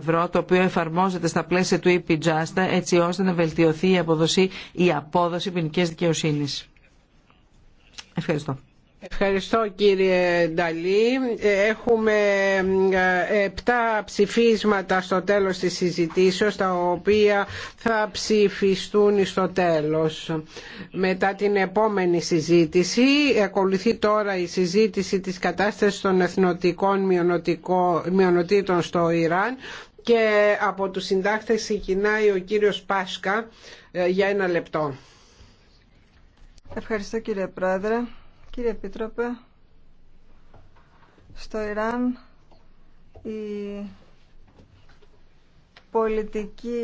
ευρώ το οποίο εφαρμόζεται στα πλαίσια του EP Justa έτσι ώστε να βελτιωθεί η απόδοση, η απόδοση ποινική δικαιοσύνης. Ευχαριστώ. Ευχαριστώ κύριε Νταλή. Έχουμε ε, επτά ψηφίσματα στο τέλος της συζητήσεως, τα οποία θα ψηφιστούν στο τέλος. Μετά την επόμενη συζήτηση, ακολουθεί τώρα η συζήτηση της κατάστασης των εθνοτικών μειονοτήτων στο Ιράν και από τους συντάκτες ξεκινάει ο κύριος Πάσκα ε, για ένα λεπτό. Ευχαριστώ κύριε Πρόεδρε. Κύριε Επίτροπε, στο Ιράν οι πολιτικοί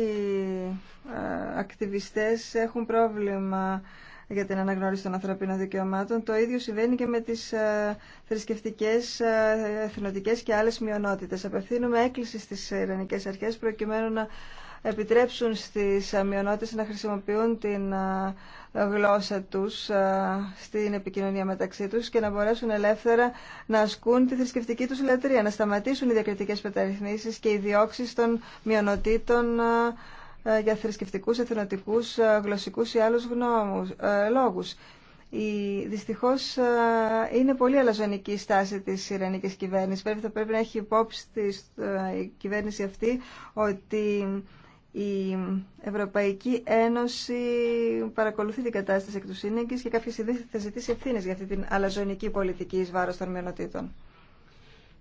ε, ακτιβιστές έχουν πρόβλημα για την αναγνώριση των ανθρωπίνων δικαιωμάτων. Το ίδιο συμβαίνει και με τις ε, θρησκευτικές, ε, εθνοτικές και άλλες μειονότητες. Απευθύνουμε έκκληση στις Ιρανικές Αρχές προκειμένου να επιτρέψουν στις μειονότητες να χρησιμοποιούν την γλώσσα τους στην επικοινωνία μεταξύ τους και να μπορέσουν ελεύθερα να ασκούν τη θρησκευτική τους λατρεία, να σταματήσουν οι διακριτικές μεταρρυθμίσεις και οι διώξει των μειονοτήτων για θρησκευτικούς, εθνοτικούς, γλωσσικούς ή άλλους γνώμους, λόγους. Η, δυστυχώς είναι πολύ αλαζονική η στάση της Ιρανικής κυβέρνησης. θα πρέπει να έχει υπόψη της, η κυβέρνηση αυτή ότι η Ευρωπαϊκή Ένωση παρακολουθεί την κατάσταση εκ του σύνεγγυ και κάποιες ειδήσεις θα ζητήσει ευθύνες για αυτή την αλαζονική πολιτική εις βάρος των μειονοτήτων.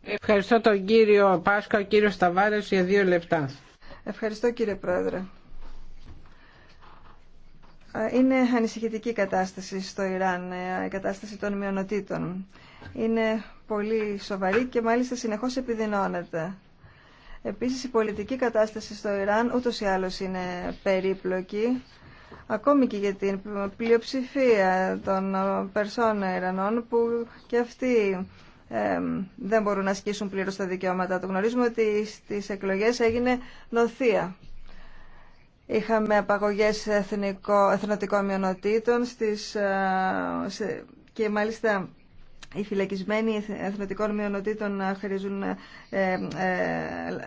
Ευχαριστώ τον κύριο Πάσκα, ο κύριο Σταβάρες για δύο λεπτά. Ευχαριστώ κύριε Πρόεδρε. Είναι ανησυχητική κατάσταση στο Ιράν, ε, η κατάσταση των μειονοτήτων. Είναι πολύ σοβαρή και μάλιστα συνεχώς επιδεινώνεται. Επίσης η πολιτική κατάσταση στο Ιράν ούτως ή άλλως είναι περίπλοκη ακόμη και για την πλειοψηφία των Περσών Ιρανών που και αυτοί δεν μπορούν να ασκήσουν πλήρως τα δικαιώματα Το Γνωρίζουμε ότι στις εκλογές έγινε νοθεία. Είχαμε απαγωγές εθνικό, εθνοτικών μειονοτήτων στις, ε, και μάλιστα οι φυλακισμένοι εθνοτικών μειονοτήτων ε, ε,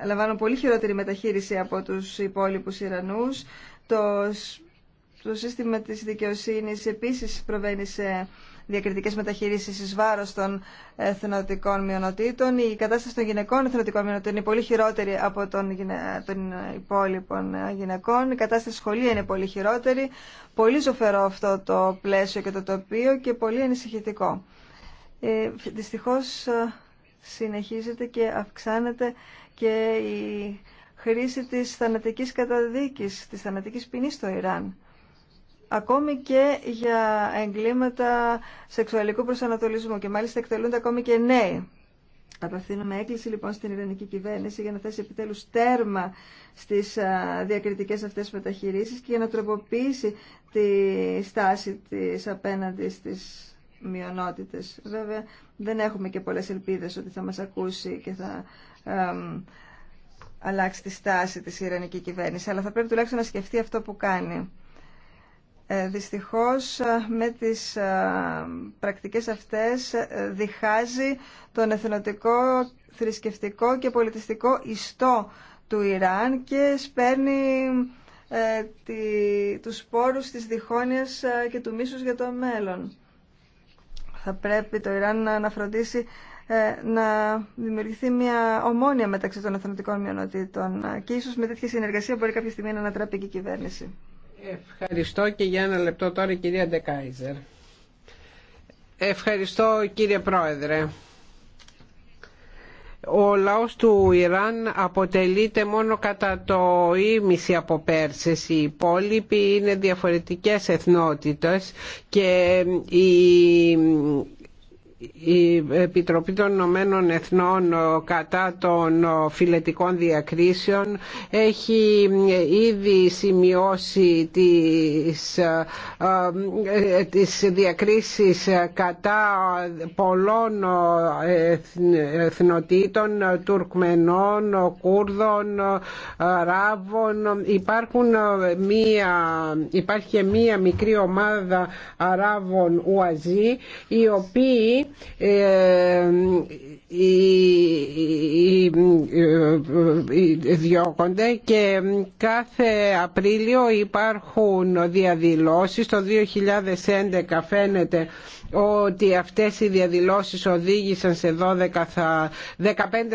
λαμβάνουν πολύ χειρότερη μεταχείριση από τους υπόλοιπους Ιρανούς. Το, το σύστημα της δικαιοσύνης επίσης προβαίνει σε διακριτικές μεταχείρισεις εις βάρος των εθνοτικών μειονοτήτων. Η κατάσταση των γυναικών εθνοτικών μειονοτήτων είναι πολύ χειρότερη από των, των υπόλοιπων ε, γυναικών. Η κατάσταση σχολεία είναι πολύ χειρότερη. Πολύ ζωφερό αυτό το πλαίσιο και το τοπίο και πολύ ανησυχητικό. Ε, δυστυχώς ε, συνεχίζεται και αυξάνεται και η χρήση της θανατικής καταδίκης, της θανατικής ποινής στο Ιράν. Ακόμη και για εγκλήματα σεξουαλικού προσανατολισμού και μάλιστα εκτελούνται ακόμη και νέοι. Απευθύνουμε έκκληση λοιπόν στην Ιρανική κυβέρνηση για να θέσει επιτέλους τέρμα στις ε, διακριτικές αυτές μεταχειρήσεις και για να τροποποιήσει τη στάση της απέναντι στις μειονότητες. Βέβαια δεν έχουμε και πολλές ελπίδες ότι θα μας ακούσει και θα αλλάξει τη στάση της Ιρανική κυβέρνηση, αλλά θα πρέπει τουλάχιστον να σκεφτεί αυτό που κάνει. Ε, δυστυχώς ε, με τις ε, πρακτικές αυτές ε, διχάζει τον εθνοτικό, θρησκευτικό και πολιτιστικό ιστό του Ιράν και σπέρνει ε, τη, τους σπόρους της διχόνοιας και του μίσους για το μέλλον. Θα πρέπει το Ιράν να αναφροντίσει ε, να δημιουργηθεί μια ομόνια μεταξύ των εθνωτικών μειονοτήτων και ίσως με τέτοια συνεργασία μπορεί κάποια στιγμή να ανατραπεί και η κυβέρνηση. Ευχαριστώ και για ένα λεπτό τώρα κυρία Ντεκάιζερ. Ευχαριστώ κύριε Πρόεδρε ο λαός του Ιράν αποτελείται μόνο κατά το ίμιση από Πέρσες. Οι υπόλοιποι είναι διαφορετικές εθνότητες και η Επιτροπή των Ηνωμένων Εθνών κατά των φιλετικών διακρίσεων έχει ε, ήδη σημειώσει τις, ε, ε, τις διακρίσεις κατά πολλών εθνοτήτων, Τουρκμενών, Κούρδων, Αράβων. Υπάρχουν μία, υπάρχει μία μικρή ομάδα Αράβων Ουαζί οι οποίοι ε, ε, ε, διώκονται και κάθε Απρίλιο υπάρχουν διαδηλώσεις το 2011 φαίνεται ότι αυτές οι διαδηλώσεις οδήγησαν σε 12 θα, 15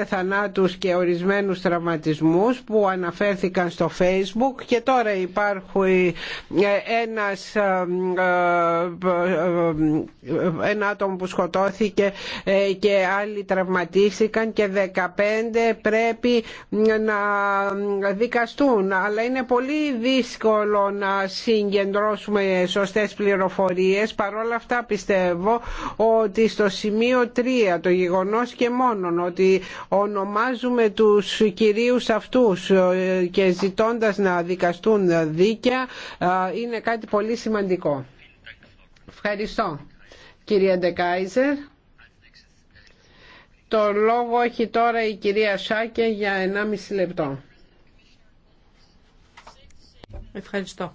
θανάτους και ορισμένους τραυματισμούς που αναφέρθηκαν στο facebook και τώρα υπάρχει ε, ένας ε, ε, ένα άτομο που σκοτώθηκε και άλλοι τραυματίστηκαν και 15 πρέπει να δικαστούν αλλά είναι πολύ δύσκολο να συγκεντρώσουμε σωστές πληροφορίες παρόλα αυτά πιστεύω πιστεύω ότι στο σημείο 3 το γεγονός και μόνον ότι ονομάζουμε τους κυρίους αυτούς ε, και ζητώντας να δικαστούν δίκαια ε, είναι κάτι πολύ σημαντικό. Ευχαριστώ. Κυρία Ντεκάιζερ. Το λόγο έχει τώρα η κυρία Σάκε για 1,5 λεπτό. Ευχαριστώ.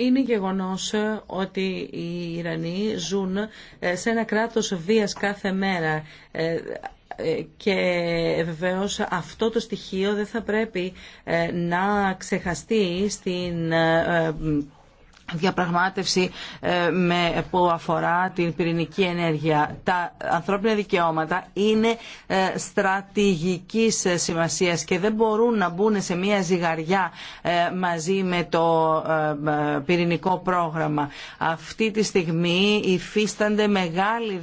Είναι γεγονός ότι οι Ιρανοί ζουν ε, σε ένα κράτος βίας κάθε μέρα ε, ε, και βεβαίω αυτό το στοιχείο δεν θα πρέπει να ξεχαστεί στην διαπραγμάτευση ε, με, που αφορά την πυρηνική ενέργεια. Τα ανθρώπινα δικαιώματα είναι ε, στρατηγικής σημασίας και δεν μπορούν να μπουν σε μια ζυγαριά ε, μαζί με το πυρηνικό πρόγραμμα. Αυτή τη στιγμή υφίστανται μεγάλη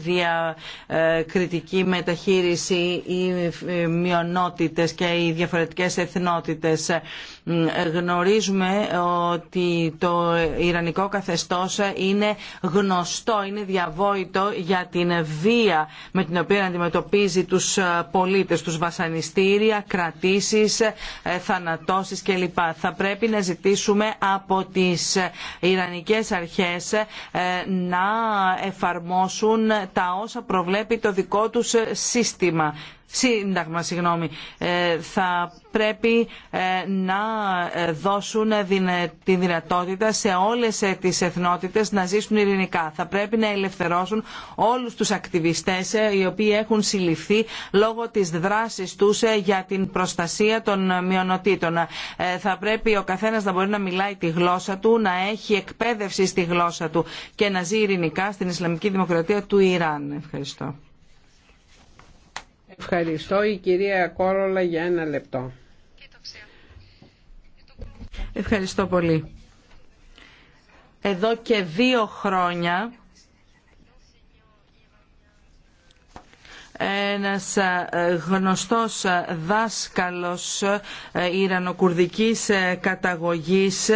διακριτική μεταχείριση οι μειονότητες και οι διαφορετικές εθνότητες. Γνωρίζουμε ότι το Ιρανικό καθεστώς είναι γνωστό, είναι διαβόητο για την βία με την οποία αντιμετωπίζει τους ε, πολίτες, τους βασανιστήρια, κρατήσεις, ε, θανατώσεις κλπ. Θα πρέπει να ζητήσουμε από τις ε, Ιρανικές αρχές να εφαρμόσουν τα όσα προβλέπει το δικό τους σύστημα Σύνταγμα, συγγνώμη, ε, θα πρέπει ε, να ε, δώσουν τη δυνατότητα σε όλες τις εθνότητες να ζήσουν ειρηνικά. Θα πρέπει να ελευθερώσουν όλους τους ακτιβιστές οι οποίοι έχουν συλληφθεί λόγω της δράσης τους για την προστασία των μειονοτήτων. Θα πρέπει ο καθένας να μπορεί να μιλάει τη γλώσσα του, να έχει εκπαίδευση στη γλώσσα του και να ζει ειρηνικά στην Ισλαμική Δημοκρατία του Ιράν. Ευχαριστώ. Ευχαριστώ η κυρία Κόρολα για ένα λεπτό. Ευχαριστώ πολύ. Εδώ και δύο χρόνια ένας ε, γνωστός ε, δάσκαλος ε, ιρανοκουρδικής καταγωγής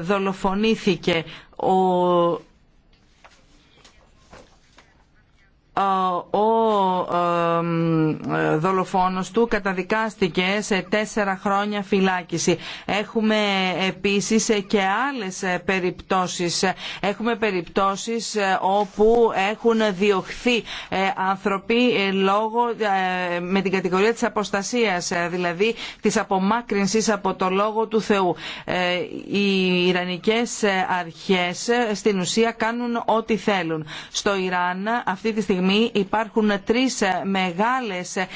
δολοφονήθηκε. Ο ο δολοφόνος του καταδικάστηκε σε τέσσερα χρόνια φυλάκιση. Έχουμε επίσης και άλλες περιπτώσεις. Έχουμε περιπτώσεις όπου έχουν διωχθεί ε, άνθρωποι ε, λόγω ε, με την κατηγορία της αποστασίας, δηλαδή της απομάκρυνσης από το λόγο του Θεού. Οι Ιρανικές αρχές στην ουσία κάνουν ό,τι θέλουν. Στο Ιράν αυτή τη στιγμή υπάρχουν τρεις μεγάλες ε,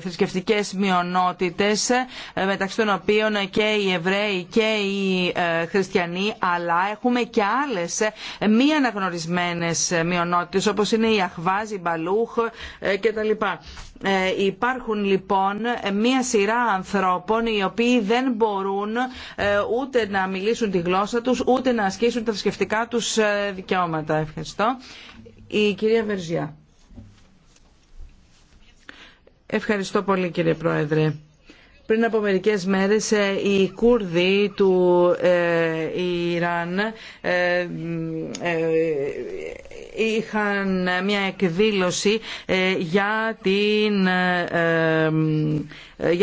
θρησκευτικές μειονότητες ε, μεταξύ των οποίων και οι Εβραίοι και οι ε, Χριστιανοί αλλά έχουμε και άλλες μη αναγνωρισμένες μειονότητες όπως είναι οι αχβαζ η Μπαλούχ κτλ. Υπάρχουν λοιπόν μία σειρά ανθρώπων οι οποίοι δεν μπορούν ούτε να μιλήσουν τη γλώσσα τους ούτε να ασκήσουν τα θρησκευτικά τους δικαιώματα. Ευχαριστώ. Η κυρία Βερζιά. Ευχαριστώ πολύ κύριε Πρόεδρε. Πριν από μερικές μέρες ε, οι Κούρδοι του ε, Ιράν ε, είχαν μια εκδήλωση για,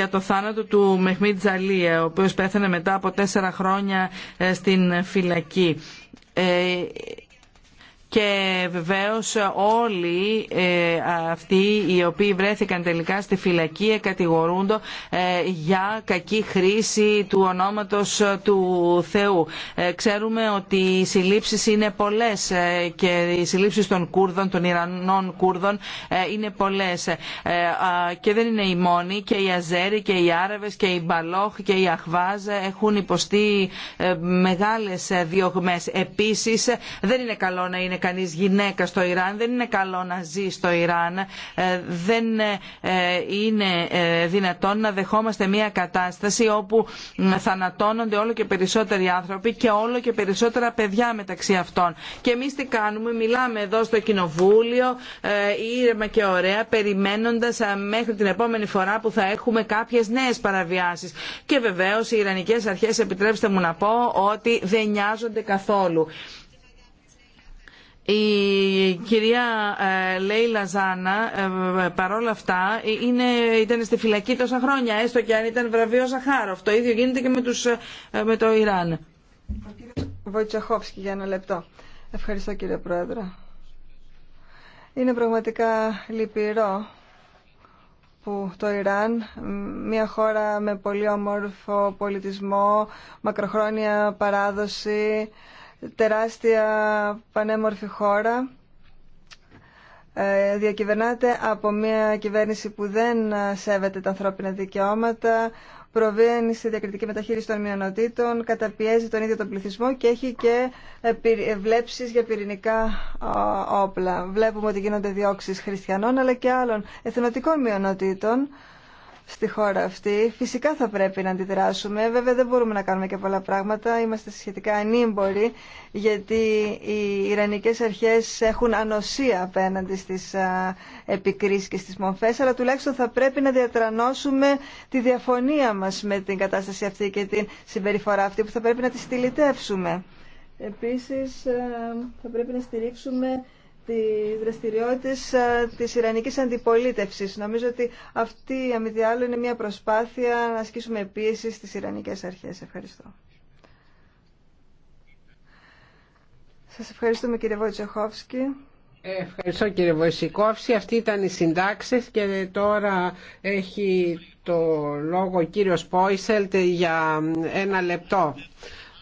το θάνατο του Μεχμίτ Τζαλία, ο οποίος πέθανε μετά από τέσσερα χρόνια στην φυλακή και βεβαίως όλοι ε, αυτοί οι οποίοι βρέθηκαν τελικά στη φυλακή εκατηγορούνται ε, για κακή χρήση του ονόματος του Θεού. Ε, ξέρουμε ότι οι συλλήψεις είναι πολλές και οι συλλήψεις των Κούρδων, των Ιρανών Κούρδων είναι πολλές και δεν είναι οι μόνοι και οι Αζέρι και οι Άραβες και οι Μπαλόχ και οι Αχβάζ έχουν υποστεί μεγάλες διωγμές. Επίσης δεν είναι καλό να είναι κανείς γυναίκα στο Ιράν, δεν είναι καλό να ζει στο Ιράν, ε, δεν ε, είναι ε, δυνατόν να δεχόμαστε μια κατάσταση όπου θανατώνονται όλο και περισσότεροι άνθρωποι και όλο και περισσότερα παιδιά μεταξύ αυτών. Και εμεί τι κάνουμε, μιλάμε εδώ στο Κοινοβούλιο, ήρεμα και ωραία, περιμένοντας μέχρι την επόμενη φορά που θα έχουμε κάποιε νέε παραβιάσεις. Και βεβαίω οι ιρανικέ αρχέ επιτρέψτε μου να πω, ότι δεν νοιάζονται καθόλου. Η κυρία ε, Λέιλα Ζάνα, ε, παρόλα αυτά, ε, είναι, ήταν στη φυλακή τόσα χρόνια, έστω και αν ήταν βραβείο Ζαχάροφ. Το ίδιο γίνεται και με, τους, με το Ιράν. Ο κύριος για ένα λεπτό. Ευχαριστώ κύριε Πρόεδρε. Είναι πραγματικά λυπηρό που το Ιράν, μια χώρα με πολύ όμορφο πολιτισμό, μακροχρόνια παράδοση, τεράστια πανέμορφη χώρα ε, διακυβερνάται από μια κυβέρνηση που δεν ε, σέβεται τα ανθρώπινα δικαιώματα, προβαίνει στη διακριτική μεταχείριση των μειονοτήτων, καταπιέζει τον ίδιο τον πληθυσμό και έχει και ε, βλέψεις για πυρηνικά όπλα. Βλέπουμε ότι γίνονται διώξεις χριστιανών αλλά και άλλων εθνοτικών μειονοτήτων στη χώρα αυτή. Φυσικά θα πρέπει να αντιδράσουμε. Βέβαια δεν μπορούμε να κάνουμε και πολλά πράγματα. Είμαστε σχετικά ανήμποροι γιατί οι Ιρανικές αρχές έχουν ανοσία απέναντι στις επικρίσεις και στις μομφές. αλλά τουλάχιστον θα πρέπει να διατρανώσουμε τη διαφωνία μας με την κατάσταση αυτή και την συμπεριφορά αυτή που θα πρέπει να τη στυλιτεύσουμε. Επίσης θα πρέπει να στηρίξουμε τη δραστηριότητα ε, της Ιρανικής Αντιπολίτευσης. Νομίζω ότι αυτή, αν άλλο, είναι μια προσπάθεια να ασκήσουμε πίεση στις Ιρανικές Αρχές. Ευχαριστώ. Σας ευχαριστούμε κύριε Βοητσεχόφσκι. Ε, ευχαριστώ κύριε Βοησικόφση. Αυτή ήταν η συντάξει και τώρα έχει το λόγο ο κύριος Πόισελτ για ένα λεπτό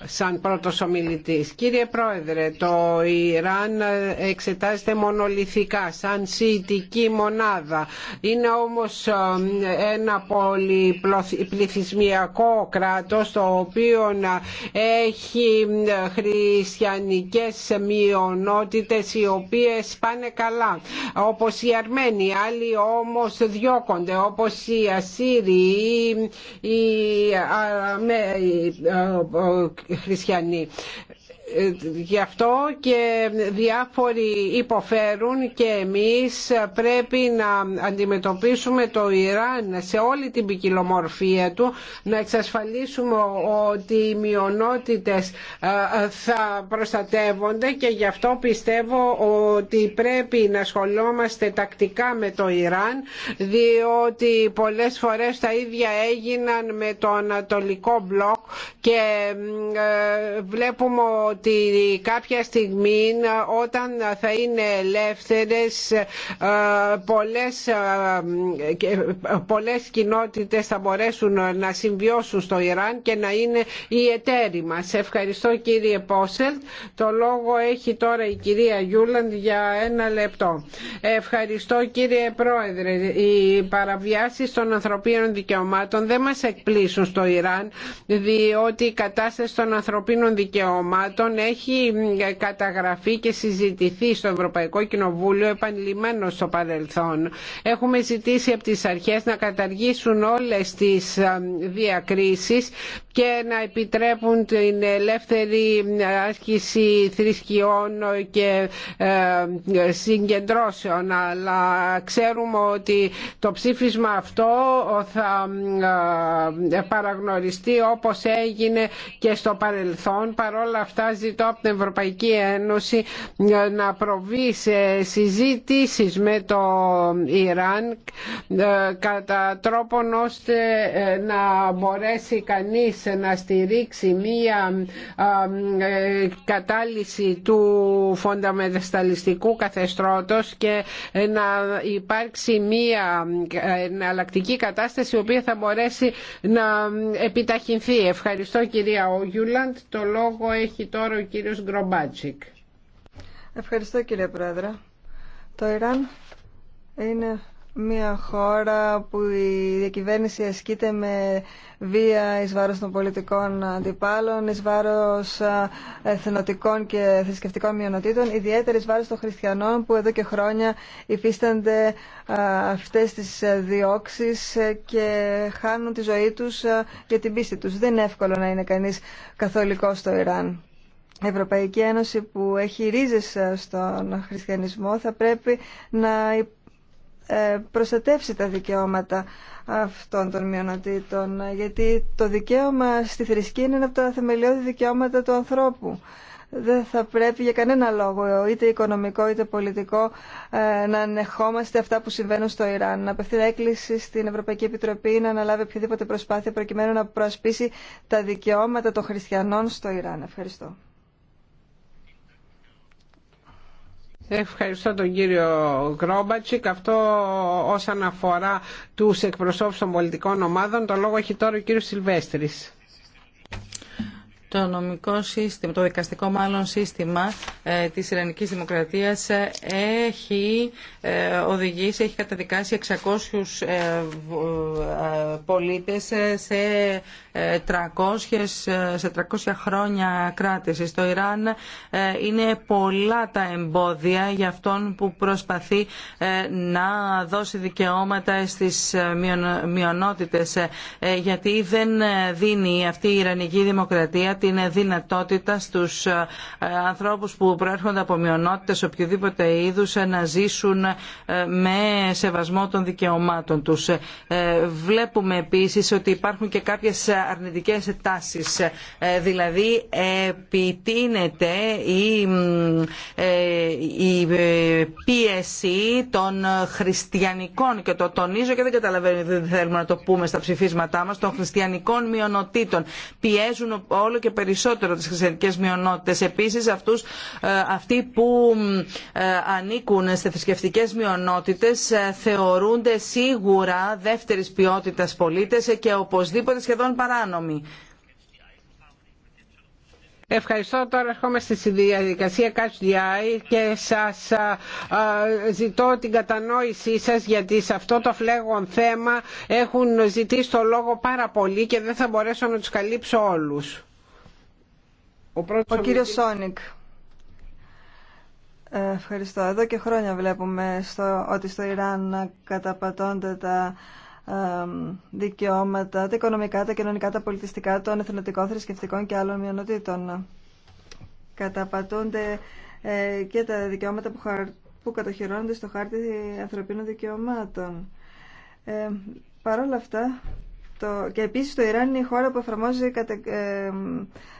σαν πρώτος ομιλητής. Κύριε Πρόεδρε, το Ιράν εξετάζεται μονολυθικά σαν σιητική μονάδα. Είναι όμως ε, ένα πολυπληθυσμιακό κράτος το οποίο ε, έχει ε, χριστιανικές μειονότητες οι οποίες πάνε καλά όπως οι Αρμένοι, άλλοι όμως διώκονται όπως οι Ασσύριοι, οι χριστιανοί γι' αυτό και διάφοροι υποφέρουν και εμείς πρέπει να αντιμετωπίσουμε το Ιράν σε όλη την ποικιλομορφία του να εξασφαλίσουμε ότι οι μειονότητες ε, θα προστατεύονται και γι' αυτό πιστεύω ότι πρέπει να ασχολόμαστε τακτικά με το Ιράν διότι πολλές φορές τα ίδια έγιναν με το Ανατολικό Μπλοκ και ε, βλέπουμε ότι κάποια στιγμή όταν θα είναι ελεύθερες ε, πολλές, ε, ε, πολλές κοινότητες θα μπορέσουν να συμβιώσουν στο Ιράν και να είναι οι εταίροι μας. Ευχαριστώ κύριε Πόσελ. Το λόγο έχει τώρα η κυρία Γιούλαντ για ένα λεπτό. Ευχαριστώ κύριε Πρόεδρε. Οι παραβιάσεις των ανθρωπίνων δικαιωμάτων δεν μας εκπλήσουν στο Ιράν διότι η κατάσταση των ανθρωπίνων δικαιωμάτων έχει ε, καταγραφεί και συζητηθεί στο Ευρωπαϊκό Κοινοβούλιο επανειλημμένο στο παρελθόν. Έχουμε ζητήσει από τις αρχές να καταργήσουν όλες τις ε, διακρίσεις και να επιτρέπουν την ελεύθερη ε, άσκηση θρησκειών και συγκεντρώσεων. Αλλά ξέρουμε ότι το ψήφισμα αυτό θα παραγνωριστεί όπως έγινε και στο παρελθόν. Παρόλα αυτά ζητώ από την Ευρωπαϊκή Ένωση να προβεί σε συζητήσεις με το Ιράν ε, κατά τρόπον ώστε ε, να μπορέσει κανείς να στηρίξει μία ε, κατάλυση του φονταμεδεσταλιστικού καθεστρώτος και να υπάρξει μία εναλλακτική κατάσταση η οποία θα μπορέσει να επιταχυνθεί. Ευχαριστώ κυρία Όγιουλαντ. Το λόγο έχει τώρα ο κύριος Ευχαριστώ κύριε Πρόεδρε. Το Ιράν είναι μια χώρα που η διακυβέρνηση ασκείται με βία εις βάρος των πολιτικών αντιπάλων, εις βάρος εθνοτικών και θρησκευτικών μειονοτήτων, ιδιαίτερα εις βάρος των χριστιανών που εδώ και χρόνια υφίστανται αυτές τις διώξεις και χάνουν τη ζωή τους για την πίστη τους. Δεν είναι εύκολο να είναι κανείς καθολικός στο Ιράν. Ευρωπαϊκή Ένωση που έχει ρίζες στον χριστιανισμό θα πρέπει να ε, προστατεύσει τα δικαιώματα αυτών των μειονοτήτων γιατί το δικαίωμα στη θρησκεία είναι ένα από τα θεμελιώδη δικαιώματα του ανθρώπου. Δεν θα πρέπει για κανένα λόγο, είτε οικονομικό είτε πολιτικό, ε, να ανεχόμαστε αυτά που συμβαίνουν στο Ιράν. Να απευθύνει έκκληση στην Ευρωπαϊκή Επιτροπή να αναλάβει οποιαδήποτε προσπάθεια προκειμένου να προασπίσει τα δικαιώματα των χριστιανών στο Ιράν. Ευχαριστώ. Ευχαριστώ τον κύριο Γκρόμπατσικ. Αυτό όσον αφορά τους εκπροσώπους των πολιτικών ομάδων, το λόγο έχει τώρα ο κύριος Σιλβέστρης το νομικό σύστημα, το δικαστικό μάλλον σύστημα ε, της Ιρανικής Δημοκρατίας ε, έχει ε, οδηγήσει, έχει καταδικάσει 600 ε, πολίτες σε 300, σε 300 χρόνια κράτηση. Στο Ιράν είναι πολλά τα εμπόδια για αυτόν που προσπαθεί να δώσει δικαιώματα στις μειονότητες γιατί δεν δίνει αυτή η Ιρανική Δημοκρατία την δυνατότητα στους ε, ανθρώπους που προέρχονται από μειονότητες οποιοδήποτε είδους ε, να ζήσουν ε, με σεβασμό των δικαιωμάτων τους. Βλέπουμε επίσης ότι υπάρχουν και κάποιες αρνητικές τάσεις. Δηλαδή επιτείνεται η, πίεση των χριστιανικών και το τονίζω και δεν καταλαβαίνω δεν θέλουμε να το πούμε στα ψηφίσματά μας των χριστιανικών μειονοτήτων. Πιέζουν όλο και περισσότερο τις χριστιανικές μειονότητες. Επίσης αυτούς, ε, αυτοί που ε, ανήκουν σε θρησκευτικέ μειονότητες ε, θεωρούνται σίγουρα δεύτερης ποιότητας πολίτες και οπωσδήποτε σχεδόν παράνομοι. Ευχαριστώ. Τώρα ερχόμαστε στη διαδικασία ΚΑΤΣΔΙ και σας ζητώ την κατανόησή σας γιατί σε αυτό το φλέγον θέμα έχουν ζητήσει το λόγο πάρα πολύ και δεν θα μπορέσω να τους καλύψω όλους. Ο, ο Σόνικ. Ε, ευχαριστώ. Εδώ και χρόνια βλέπουμε στο, ότι στο Ιράν καταπατώνται τα ε, δικαιώματα, τα οικονομικά, τα κοινωνικά, τα πολιτιστικά των εθνοτικών, θρησκευτικών και άλλων μειονοτήτων. Καταπατούνται ε, και τα δικαιώματα που, χαρ, κατοχυρώνονται στο χάρτη ανθρωπίνων δικαιωμάτων. Ε, Παρ' όλα αυτά το, και επίσης το Ιράν είναι η χώρα που εφαρμόζει κατα, ε,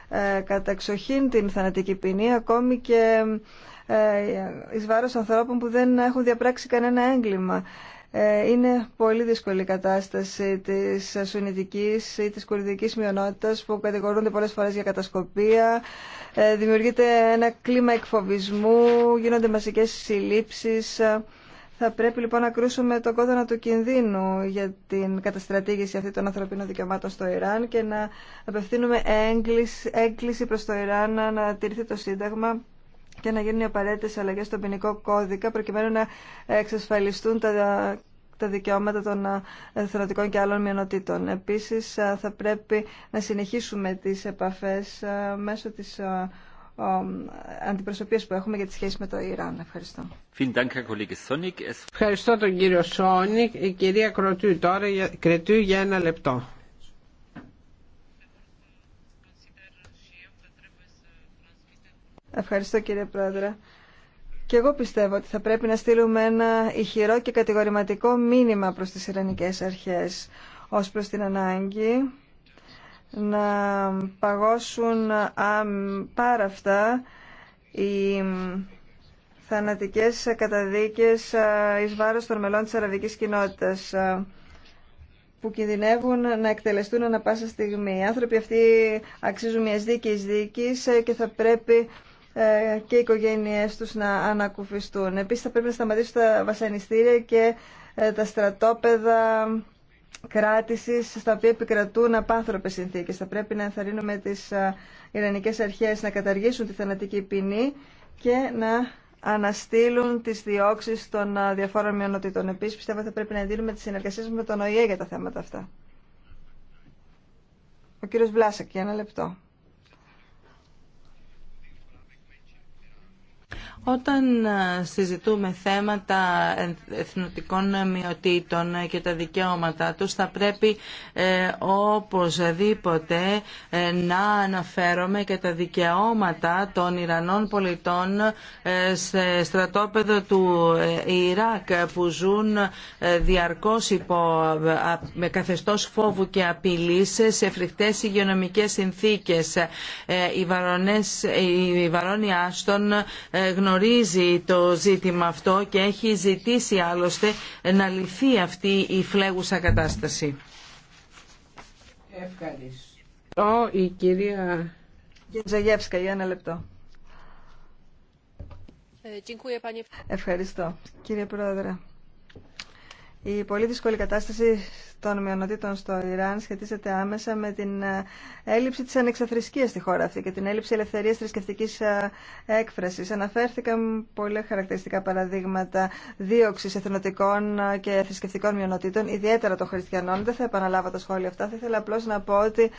ε καταξοχήν την θανατική ποινή, ακόμη και ε, εις βάρος ανθρώπων που δεν έχουν διαπράξει κανένα έγκλημα. Ε, είναι πολύ δύσκολη η κατάσταση της σουνητικής ή της κουρδικής μειονότητας που κατηγορούνται πολλές φορές για κατασκοπία. Δημιουργείται ένα κλίμα εκφοβισμού, γίνονται μαζικές συλλήψεις. Θα πρέπει λοιπόν να κρούσουμε τον κόδωνα του κινδύνου για την καταστρατήγηση αυτή των ανθρωπίνων δικαιωμάτων στο Ιράν και να απευθύνουμε έγκληση προς το Ιράν να τηρηθεί το Σύνταγμα και να γίνουν οι απαραίτητε αλλαγές στον ποινικό κώδικα προκειμένου να εξασφαλιστούν τα τα δικαιώματα των ε, θεωρητικών και άλλων μειονοτήτων. Επίσης, ε, θα πρέπει να συνεχίσουμε τις επαφές ε, μέσω της αντιπροσωπείες που έχουμε για τη σχέση με το Ιράν. Ευχαριστώ. Ευχαριστώ τον κύριο Σόνικ. Η κυρία Κροτού τώρα κρετού για ένα λεπτό. Ευχαριστώ κύριε Πρόεδρε. Και εγώ πιστεύω ότι θα πρέπει να στείλουμε ένα ηχηρό και κατηγορηματικό μήνυμα προς τις Ιρανικές Αρχές ως προς την ανάγκη να παγώσουν πάρα αυτά οι θανατικές καταδίκες εις βάρος των μελών της αραβικής κοινότητας που κινδυνεύουν να εκτελεστούν ανα πάσα στιγμή. Οι άνθρωποι αυτοί αξίζουν μιας δίκης δίκης ε, και θα πρέπει ε, και οι οικογένειές τους να ανακουφιστούν. Επίσης θα πρέπει να σταματήσουν τα βασανιστήρια και ε, τα στρατόπεδα Κράτηση στα οποία επικρατούν απάνθρωπε συνθήκε. Θα πρέπει να ενθαρρύνουμε τις ιρανικέ αρχές να καταργήσουν τη θανατική ποινή και να αναστείλουν τις διώξει των διαφόρων μειονοτήτων. επίση πιστεύω ότι θα πρέπει να εντείνουμε τις συνεργασίες με τον ΟΗΕ για τα θέματα αυτά. Ο κύριος Βλάσακ, για ένα λεπτό. Όταν ε, συζητούμε θέματα εθνοτικών μειοτήτων και τα δικαιώματα τους θα πρέπει ε, οπωσδήποτε ε, να αναφέρομαι και τα δικαιώματα των Ιρανών πολιτών ε, σε στρατόπεδο του Ιράκ που ζουν διαρκώς με καθεστώς φόβου και απειλής σε φρικτές υγειονομικές συνθήκες. Οι βαρόνοι Άστον γνωρίζει το ζήτημα αυτό και έχει ζητήσει άλλωστε να λυθεί αυτή η φλέγουσα κατάσταση. Ευχαριστώ. Η κυρία Γεντζαγεύσκα για ένα λεπτό. Ε, Ευχαριστώ κύριε Πρόεδρε. Η πολύ δύσκολη κατάσταση των μειονοτήτων στο Ιράν σχετίζεται άμεσα με την ε, έλλειψη της ανεξαθρησκείας στη χώρα αυτή και την έλλειψη ελευθερίας θρησκευτική ε, έκφρασης. Αναφέρθηκαν πολλά χαρακτηριστικά παραδείγματα δίωξη εθνοτικών ε, και θρησκευτικών μειονοτήτων, ιδιαίτερα των χριστιανών. Δεν θα επαναλάβω τα σχόλια αυτά. Θα ήθελα απλώς να πω ότι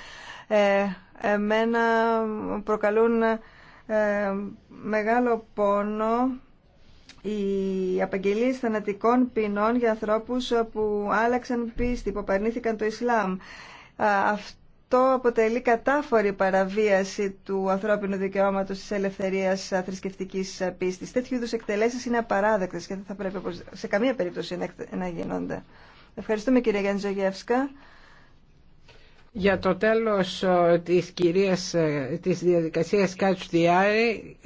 ε, εμένα προκαλούν μεγάλο πόνο οι απαγγελίες θανατικών ποινών για ανθρώπους που άλλαξαν πίστη, που απαρνήθηκαν το Ισλάμ. Αυτό αποτελεί κατάφορη παραβίαση του ανθρώπινου δικαιώματος της ελευθερίας θρησκευτικής πίστης. Τέτοιου είδους εκτελέσεις είναι απαράδεκτες και δεν θα πρέπει σε καμία περίπτωση να γίνονται. Ευχαριστούμε κυρία Γιάννη Για το τέλος ε, της, κυρίας, ε, της διαδικασίας Κάτσου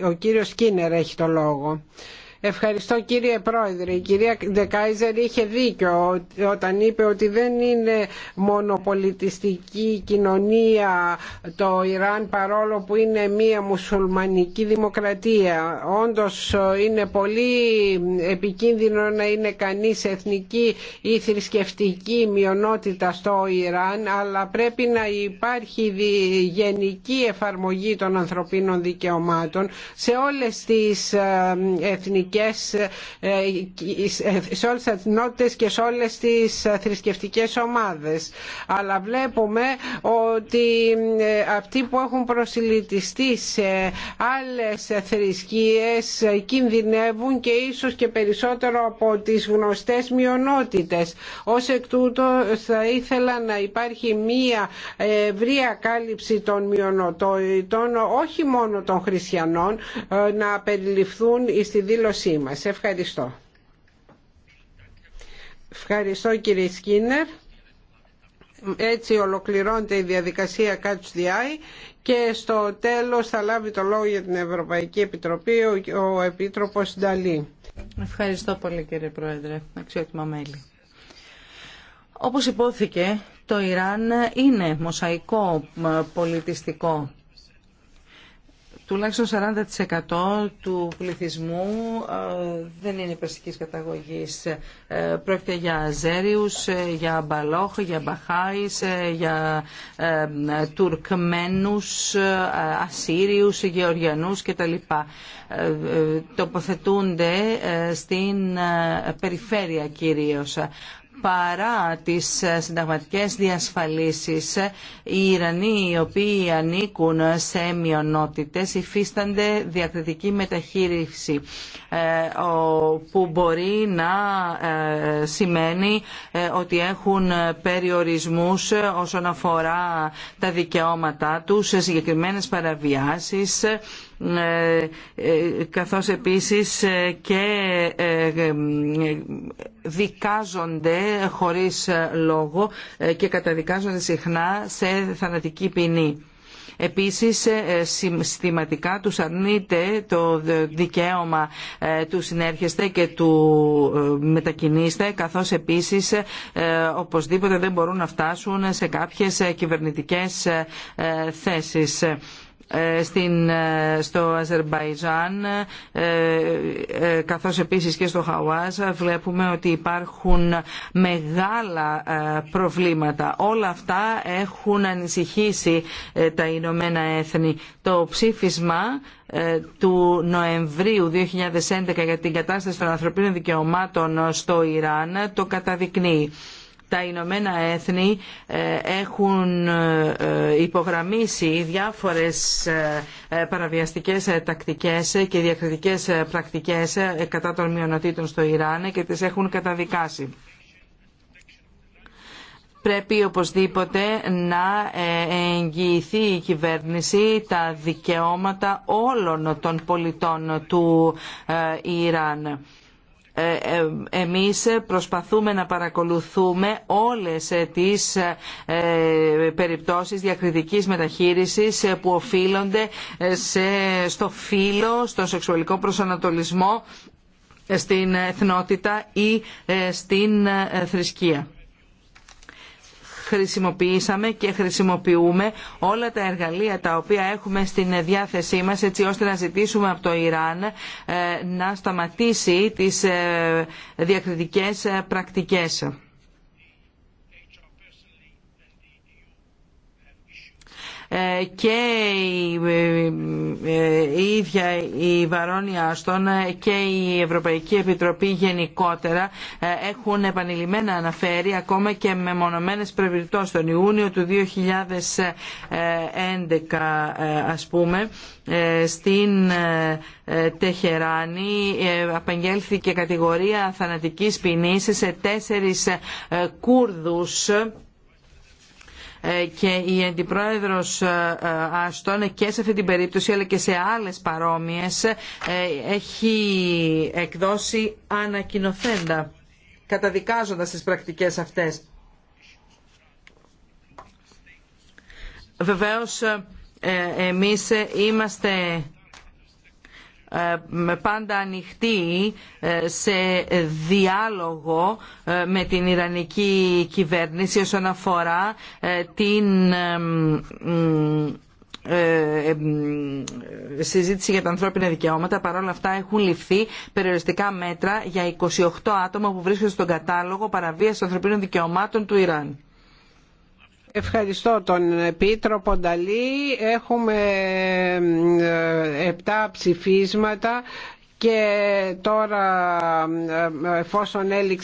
ο κύριος Κίνερ έχει το λόγο. Ευχαριστώ κύριε Πρόεδρε. Η κυρία Ντεκάιζερ είχε δίκιο όταν είπε ότι δεν είναι μονοπολιτιστική κοινωνία το Ιράν παρόλο που είναι μία μουσουλμανική δημοκρατία. Όντως είναι πολύ επικίνδυνο να είναι κανείς εθνική ή θρησκευτική μειονότητα στο Ιράν αλλά πρέπει να υπάρχει γενική εφαρμογή των ανθρωπίνων δικαιωμάτων σε όλες τις ε, εθνικές ε, ε, ε, σε όλες τις και σε όλες τις θρησκευτικές ομάδες. Αλλά βλέπουμε ότι αυτοί που έχουν προσιλητιστεί σε άλλες θρησκείες κινδυνεύουν και ίσως και περισσότερο από τις γνωστές μειονότητες. Ως εκ τούτου θα ήθελα να υπάρχει μία ευρία κάλυψη των μειονοτήτων, όχι μόνο των χριστιανών, να περιληφθούν στη δήλωση Ευχαριστώ. Ευχαριστώ κύριε Σκίνερ. Έτσι ολοκληρώνεται η διαδικασία Catch the και στο τέλος θα λάβει το λόγο για την Ευρωπαϊκή Επιτροπή ο Επίτροπος Νταλή. Ευχαριστώ πολύ κύριε Πρόεδρε, αξιότιμα μέλη. Όπως υπόθηκε, το Ιράν είναι μοσαϊκό πολιτιστικό τουλάχιστον 40% του πληθυσμού ε, δεν είναι περσικής καταγωγής. Ε, πρόκειται για Αζέριους, ε, για Μπαλόχ, για Μπαχάης, για Τουρκμένους, Ασσύριους, Γεωργιανούς κτλ. Τοποθετούνται στην περιφέρεια κυρίως παρά τις ε, συνταγματικές διασφαλίσεις οι Ιρανοί οι οποίοι ανήκουν σε μειονότητες υφίστανται διακριτική μεταχείριση ε, που μπορεί να ε, σημαίνει ότι έχουν περιορισμούς όσον αφορά τα δικαιώματά τους σε συγκεκριμένες παραβιάσεις ε, ε, καθώς επίσης ε, και δικάζονται χωρίς λόγο και καταδικάζονται συχνά σε θανατική ποινή. Επίσης συστηματικά τους αρνείται το δικαίωμα του συνέρχεστε και του μετακινήστε καθώς επίσης οπωσδήποτε δεν μπορούν να φτάσουν σε κάποιες κυβερνητικές θέσεις. Ε, στην, ε, στο Αζερμπαϊτζάν ε, καθώς επίσης και στο Χαουάζ βλέπουμε ότι υπάρχουν μεγάλα προβλήματα. Όλα αυτά έχουν ανησυχήσει τα Ηνωμένα Έθνη. Το ψήφισμα του Νοεμβρίου 2011 για την κατάσταση των ανθρωπίνων δικαιωμάτων στο Ιράν το καταδεικνύει τα Ηνωμένα Έθνη ε, έχουν ε, ε, υπογραμμίσει διάφορες παραβιαστικές τακτικές και διακριτικές πρακτικές κατά των μειονοτήτων στο Ιράν και τις έχουν καταδικάσει πρέπει οπωσδήποτε να εγγυηθεί η κυβέρνηση τα δικαιώματα όλων των πολιτών του Ιράν ε, ε, εμείς προσπαθούμε να παρακολουθούμε όλες τις ε, περιπτώσεις διακριτικής μεταχείρισης που οφείλονται στο φύλλο, στον σεξουαλικό προσανατολισμό, στην εθνότητα ή στην θρησκεία χρησιμοποιήσαμε και χρησιμοποιούμε όλα τα εργαλεία τα οποία έχουμε στην διάθεσή μας έτσι ώστε να ζητήσουμε από το Ιράν ε, να σταματήσει τις ε, διακριτικές ε, πρακτικές. Ε, και ε, ε, η ίδια η Βαρόνια Άστον και η Ευρωπαϊκή Επιτροπή γενικότερα έχουν επανειλημμένα αναφέρει ακόμα και με μονομένες περιπτώσεις στον Ιούνιο του 2011 ας πούμε στην Τεχεράνη απαγγέλθηκε κατηγορία θανατικής ποινής σε τέσσερις Κούρδους ε, και η Αντιπρόεδρος ε, ε, Άστον και σε αυτή την περίπτωση αλλά και σε άλλες παρόμοιες έχει εκδώσει ανακοινοθέντα καταδικάζοντας τις πρακτικές αυτές. Βεβαίως εμείς είμαστε ε, πάντα ανοιχτή ε, σε διάλογο ε, με την Ιρανική κυβέρνηση όσον αφορά την συζήτηση για τα ανθρώπινα δικαιώματα. Παρ' όλα αυτά έχουν ληφθεί περιοριστικά μέτρα για 28 άτομα που βρίσκονται στον κατάλογο παραβίαση των ανθρωπίνων δικαιωμάτων του Ιράν. Ευχαριστώ τον Πίτρο Πονταλή. Έχουμε ε, επτά ψηφίσματα και τώρα ε, ε, εφόσον έληξε